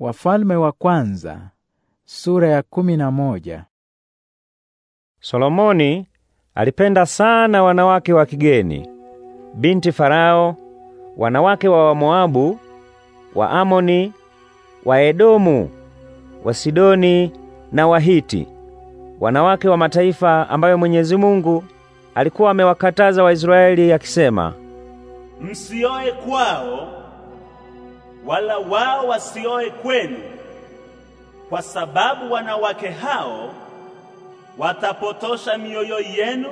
Wafalme wa kwanza, sura ya kumi na moja. Solomoni alipenda sana wanawake wa kigeni, binti Farao, wanawake wa Wamoabu, wa Amoni, wa Edomu, wa Sidoni na Wahiti, wanawake wa mataifa ambayo Mwenyezi Mungu alikuwa amewakataza Waisraeli akisema, msioe kwao wala wao wasioe kwenu, kwa sababu wanawake hao watapotosha mioyo yenu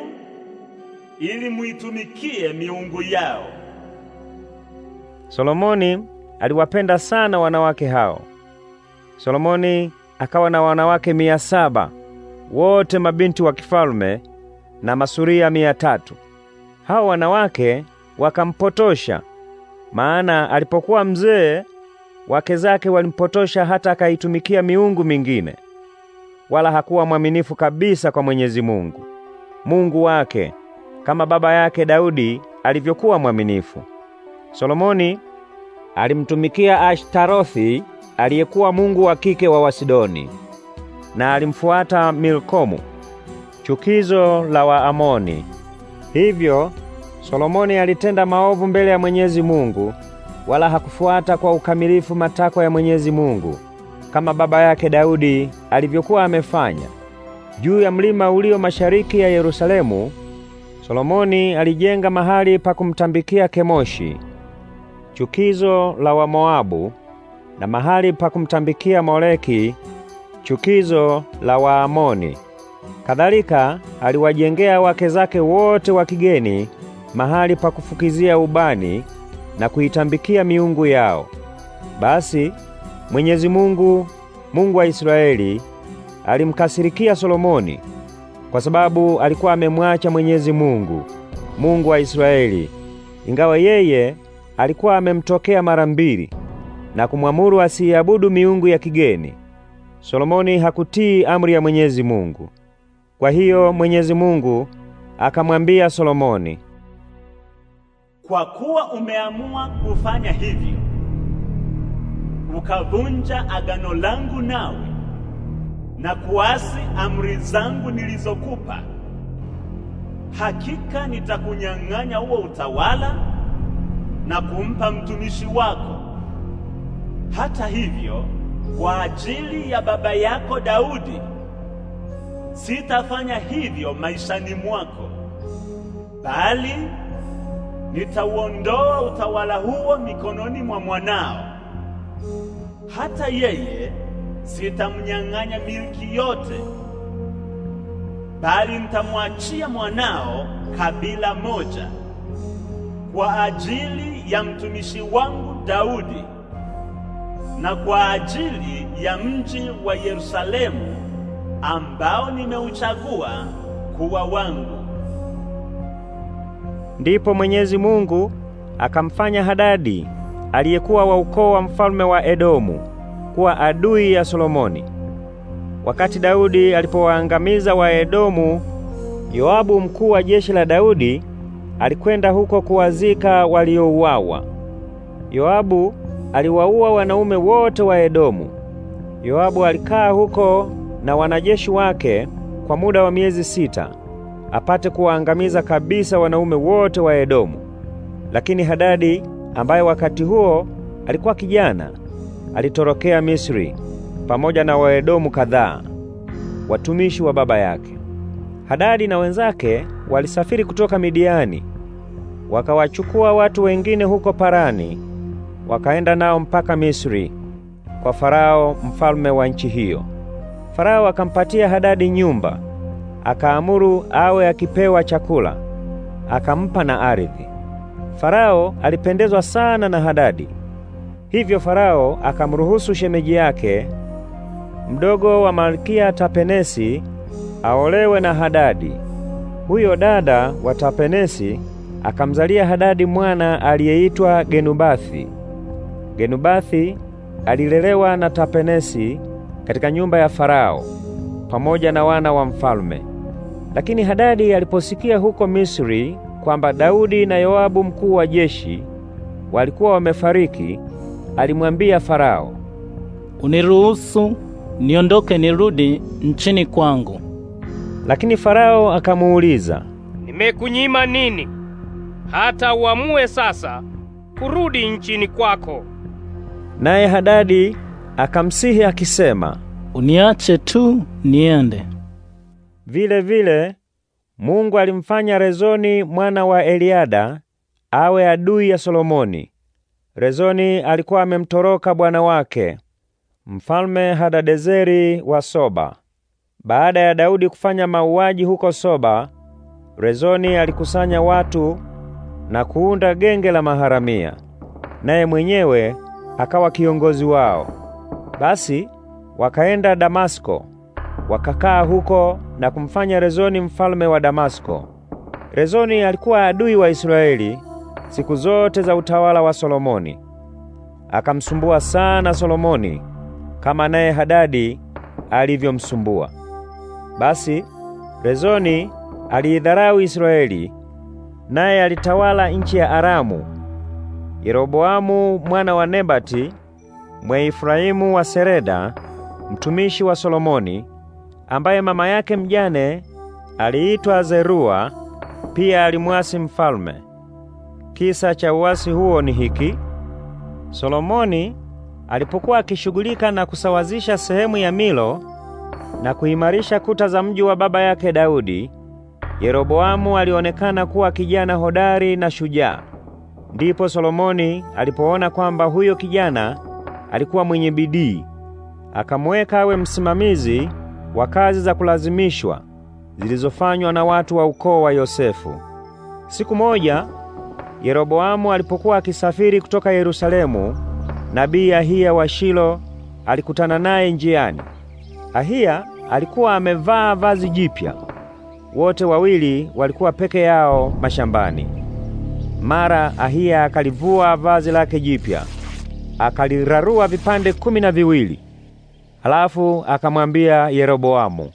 ili muitumikie miungu yao. Solomoni aliwapenda sana wanawake hao. Solomoni akawa na wanawake mia saba wote mabinti wa kifalme na masuria mia tatu. Hao wanawake wakampotosha maana alipokuwa mzee, wake zake walimpotosha hata akaitumikia miungu mingine, wala hakuwa mwaminifu kabisa kwa Mwenyezi Mungu Mungu wake, kama baba yake Daudi alivyokuwa mwaminifu. Solomoni alimtumikia Ashtarothi aliyekuwa mungu wa kike wa Wasidoni, na alimfuata Milkomu, chukizo la Waamoni. Hivyo Solomoni alitenda maovu mbele ya Mwenyezi Mungu, wala hakufuata kwa ukamilifu matakwa ya Mwenyezi Mungu kama baba yake Daudi alivyokuwa amefanya. Juu ya mlima ulio mashariki ya Yerusalemu, Solomoni alijenga mahali pa kumtambikia Kemoshi, chukizo la Wamoabu, na mahali pa kumtambikia Moleki, chukizo la Waamoni. Kadhalika aliwajengea wake zake wote wa kigeni mahali pa kufukizia ubani na kuitambikia miungu yao. Basi Mwenyezi Mungu, Mungu wa Israeli, alimkasirikia Solomoni kwa sababu alikuwa amemwacha Mwenyezi Mungu, Mungu wa Israeli, ingawa yeye alikuwa amemtokea mara mbili na kumwamuru asiabudu miungu ya kigeni. Solomoni hakutii amri ya Mwenyezi Mungu. Kwa hiyo Mwenyezi Mungu akamwambia Solomoni, kwa kuwa umeamua kufanya hivyo, ukavunja agano langu nawe na kuasi amri zangu nilizokupa, hakika nitakunyang'anya huo utawala na kumpa mtumishi wako. Hata hivyo, kwa ajili ya baba yako Daudi sitafanya hivyo maishani mwako, bali nitauondoa utawala huo mikononi mwa mwanao. Hata yeye sitamnyang'anya milki yote, bali nitamwachia mwanao kabila moja kwa ajili ya mtumishi wangu Daudi na kwa ajili ya mji wa Yerusalemu ambao nimeuchagua kuwa wangu. Ndipo Mwenyezi Mungu akamfanya Hadadi aliyekuwa wa ukoo wa mfalme wa Edomu kuwa adui ya Solomoni. Wakati Daudi alipowaangamiza edomu Yoabu mkuu wa jeshi la Daudi alikwenda huko kuwazika waliouawa. Yoabu aliwaua wanaume wote wa Edomu. Yoabu alikaa huko na wanajeshi wake kwa muda wa miezi sita apate kuwaangamiza kabisa wanaume wote wa Edomu. Lakini Hadadi ambaye wakati huo alikuwa kijana alitorokea Misri pamoja na Waedomu kadhaa watumishi wa baba yake. Hadadi na wenzake walisafiri kutoka Midiani wakawachukua watu wengine huko Parani, wakaenda nao mpaka Misri kwa Farao mfalme wa nchi hiyo. Farao akampatia Hadadi nyumba akaamuru awe akipewa chakula, akampa na ardhi. Farao alipendezwa sana na Hadadi, hivyo Farao akamruhusu shemeji yake mdogo wa Malkia Tapenesi aolewe na Hadadi. Huyo dada wa Tapenesi akamzalia Hadadi mwana aliyeitwa Genubathi. Genubathi alilelewa na Tapenesi katika nyumba ya Farao pamoja na wana wa mfalme. Lakini Hadadi aliposikia huko Misri kwamba Daudi na Yoabu mkuu wa jeshi walikuwa wamefariki, alimwambia Farao, "Uniruhusu niondoke nirudi nchini kwangu." Lakini Farao akamuuliza, "Nimekunyima nini hata uamue sasa kurudi nchini kwako?" Naye Hadadi akamsihi akisema, "Uniache tu niende." Vile vile Mungu alimfanya Rezoni mwana wa Eliada awe adui ya Solomoni. Rezoni alikuwa amemtoroka bwana wake Mfalme Hadadezeri wa Soba. Baada ya Daudi kufanya mauaji huko Soba, Rezoni alikusanya watu na kuunda genge la maharamia, naye mwenyewe akawa kiongozi wao. Basi wakaenda Damasko Wakakaa huko na kumfanya Rezoni mfalme wa Damasko. Rezoni alikuwa adui wa Israeli siku zote za utawala wa Solomoni. Akamsumbua sana Solomoni kama naye Hadadi alivyomsumbua. Basi Rezoni aliidharau Israeli, naye alitawala nchi ya Aramu. Yeroboamu mwana wa Nebati Mweifraimu wa Sereda mtumishi wa Solomoni ambaye mama yake mjane aliitwa Zerua pia alimwasi mfalme. Kisa cha uasi huo ni hiki: Solomoni alipokuwa akishughulika na kusawazisha sehemu ya Milo na kuimarisha kuta za mji wa baba yake Daudi, Yeroboamu alionekana kuwa kijana hodari na shujaa. Ndipo Solomoni alipoona kwamba huyo kijana alikuwa mwenye bidii, akamweka awe msimamizi wa kazi za kulazimishwa zilizofanywa na watu wa ukoo wa Yosefu. Siku moja Yeroboamu alipokuwa akisafiri kutoka Yerusalemu, nabii Ahiya wa Shilo alikutana naye njiani. Ahiya alikuwa amevaa vazi jipya. Wote wawili walikuwa peke yao mashambani. Mara Ahiya akalivua vazi lake jipya, akalirarua vipande kumi na viwili Halafu akamwambia Yeroboamu,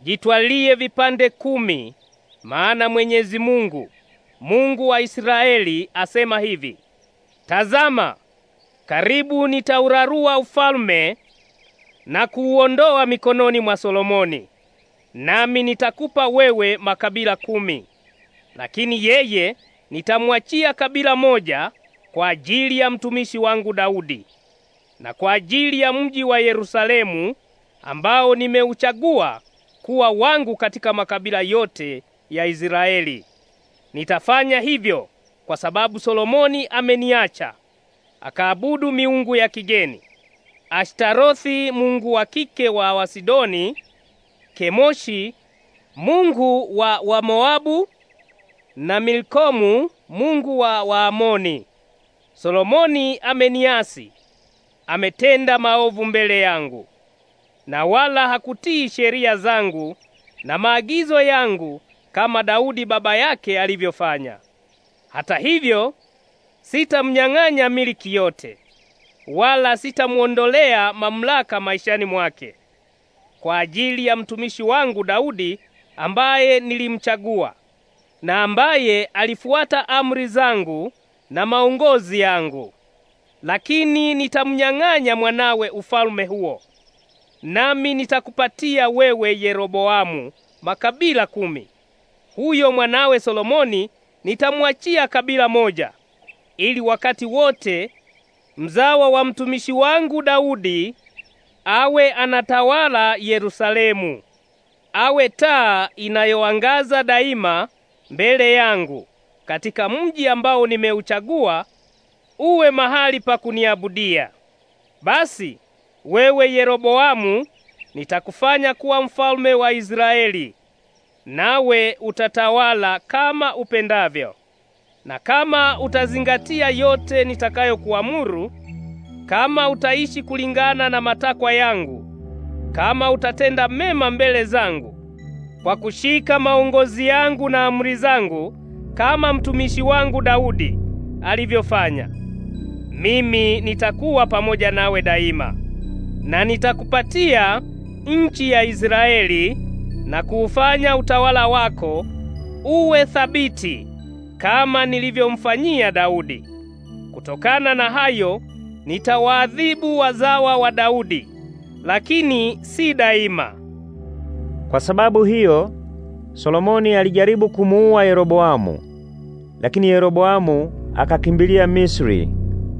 jitwalie vipande kumi, maana Mwenyezi Mungu, Mungu wa Israeli, asema hivi: Tazama, karibu nitaurarua ufalme na kuuondoa mikononi mwa Solomoni, nami nitakupa wewe makabila kumi, lakini yeye nitamwachia kabila moja kwa ajili ya mtumishi wangu Daudi na kwa ajili ya mji wa Yerusalemu ambao nimeuchagua kuwa wangu katika makabila yote ya Israeli. Nitafanya hivyo kwa sababu Solomoni ameniacha akaabudu miungu ya kigeni, Ashtarothi mungu wa kike wa Wasidoni, Kemoshi mungu wa Moabu na Milkomu mungu wa Waamoni. Solomoni ameniasi ametenda maovu mbele yangu, na wala hakutii sheria zangu na maagizo yangu kama Daudi baba yake alivyofanya. Hata hivyo, sitamnyang'anya miliki yote, wala sitamuondolea mamlaka maishani mwake, kwa ajili ya mtumishi wangu Daudi ambaye nilimchagua na ambaye alifuata amri zangu na maongozi yangu lakini nitamnyang'anya mwanawe ufalme huo, nami nitakupatia wewe Yeroboamu makabila kumi. Huyo mwanawe Solomoni nitamwachia kabila moja, ili wakati wote mzawa wa mtumishi wangu Daudi awe anatawala Yerusalemu, awe taa inayoangaza daima mbele yangu katika mji ambao nimeuchagua uwe mahali pa kuniabudia. Basi wewe Yeroboamu, nitakufanya kuwa mfalme wa Israeli, nawe utatawala kama upendavyo. Na kama utazingatia yote nitakayokuamuru, kama utaishi kulingana na matakwa yangu, kama utatenda mema mbele zangu kwa kushika maongozi yangu na amri zangu, kama mtumishi wangu Daudi alivyofanya mimi nitakuwa pamoja nawe daima, na nitakupatia nchi ya Israeli na kuufanya utawala wako uwe thabiti kama nilivyomfanyia Daudi. Kutokana na hayo nitawaadhibu wazawa wa Daudi, lakini si daima. Kwa sababu hiyo Solomoni alijaribu kumuua Yeroboamu, lakini Yeroboamu akakimbilia Misri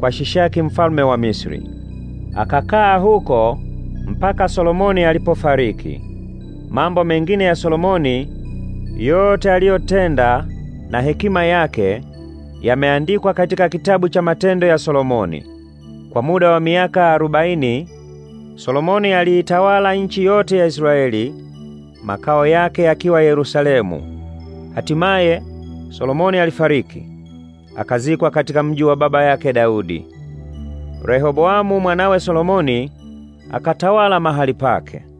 kwa Shishaki mfalme wa Misri. Akakaa huko mpaka Solomoni alipofariki. Mambo mengine ya Solomoni yote aliyotenda na hekima yake yameandikwa katika kitabu cha matendo ya Solomoni. Kwa muda wa miaka arobaini Solomoni aliitawala nchi yote ya Israeli, makao yake yakiwa Yerusalemu. Hatimaye Solomoni alifariki akazikwa katika mji wa baba yake Daudi. Rehoboamu mwanawe Solomoni akatawala mahali pake.